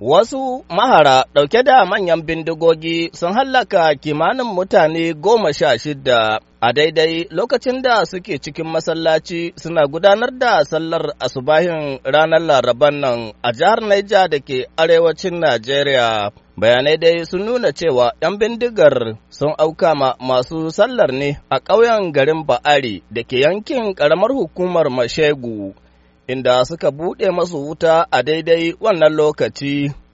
Wasu mahara ɗauke da manyan bindigogi sun hallaka kimanin mutane goma sha shida a daidai lokacin da suke cikin masallaci suna gudanar da sallar asubahin ranar laraban nan a jihar Naija da ke arewacin Najeriya. Bayanai dai sun nuna cewa ‘yan bindigar sun auka ma masu sallar ne a ƙauyen garin Ba'ari da ke yankin ƙaramar hukumar Mashegu. inda suka buɗe masu wuta a daidai wannan lokaci,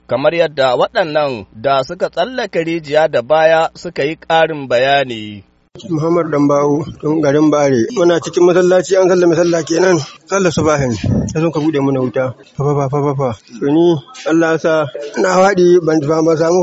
kamar yadda waɗannan da suka tsallaka rijiya da baya suka yi ƙarin bayani. Muhammad Dambawo don garin Bare muna cikin masallaci an sallah masalla kenan sallah subahin ta zo ka bude mana wuta fa fa fa fa ni Allah ya sa na wadi ban ba samu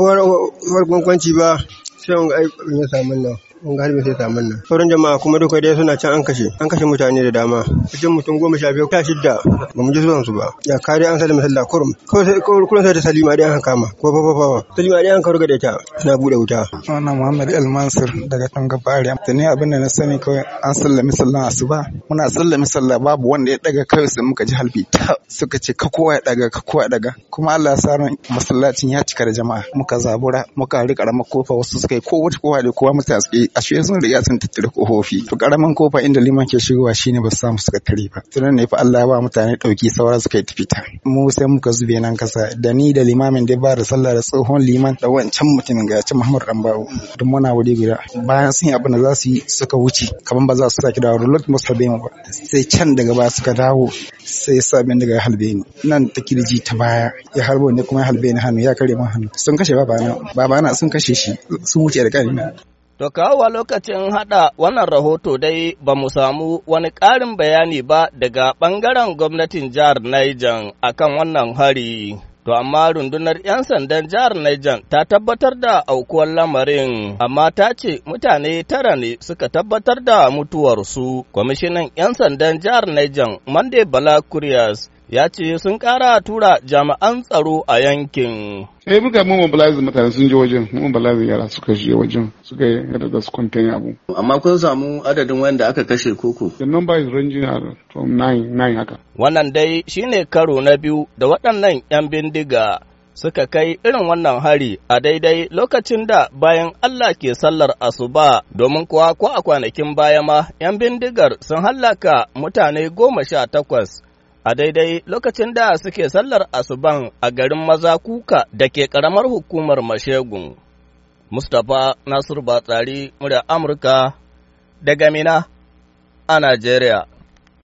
farkon kwanci ba sai mun ga ai samun nan mun ga harbi sai samun nan sauran jama'a kuma duka dai suna can an kashe an kashe mutane da dama cikin mutum goma sha biyu ta shidda ba mu ji zuwan su ba ya kare an salima sallah kurum Kurum sai sai ta salima dai an kama ko fa fa fa salima dai an karga da ta suna bude wuta sunana muhammad al mansur daga tanga gabari. da ne abin da na sani kawai an sallami su ba muna sallami sallah babu wanda ya daga kawai sai muka ji halbi ta suka ce ka kowa ya daga ka kowa daga kuma Allah ya sa masallacin ya cika da jama'a muka zabura muka rika ramar kofa wasu suka yi kowa kowa da kowa mutane A shi sun riga sun tattara kofofi to karaman kofa inda liman ke shigowa shine ba su samu suka tare ba tunan ne fa Allah ya ba mutane dauki saura suka yi tafita mu sai muka zube nan kasa da ni da limamin da ba da sallah da tsohon liman da wancan mutumin ga ci Muhammad Rambawo duk muna wuri guda bayan sun yi abin da za su yi suka wuce kaman ba za su saki dawo lot musabe mu ba sai can daga ba suka dawo sai sabin daga halbe ni nan ta kirji ta baya ya harbo ne kuma ya halbe hannu ya kare min hannu sun kashe babana babana sun kashe shi sun wuce da kanina To wa lokacin haɗa wannan rahoto dai ba mu samu wani ƙarin bayani ba daga ɓangaren gwamnatin jihar Niger akan wannan hari. To amma rundunar 'yan sandan jihar Niger ta tabbatar da aukuwar lamarin, amma ta ce mutane tara ne suka tabbatar da mutuwarsu. Kwamishinan 'yan sandan jihar Niger, Monday Bala kurias ya ce sun ƙara tura jami'an tsaro a yankin. Eh muka mun balazin mutane sun je wajen, mun balazin yara suka je wajen, suka yi yadda da su kwantan abu. Amma kun samu adadin wanda aka kashe koko? The number is ranging from nine, nine haka. Wannan dai shine karo na biyu da waɗannan 'yan bindiga suka kai irin wannan hari a daidai lokacin da bayan Allah ke sallar asuba domin kuwa ko a kwanakin baya ma 'yan bindigar sun hallaka mutane goma sha takwas a daidai lokacin da suke sallar asuban a garin maza kuka da ke karamar hukumar mashegun. Mustapha Nasiru Batsari, murya Amurka, daga Mina a Najeriya.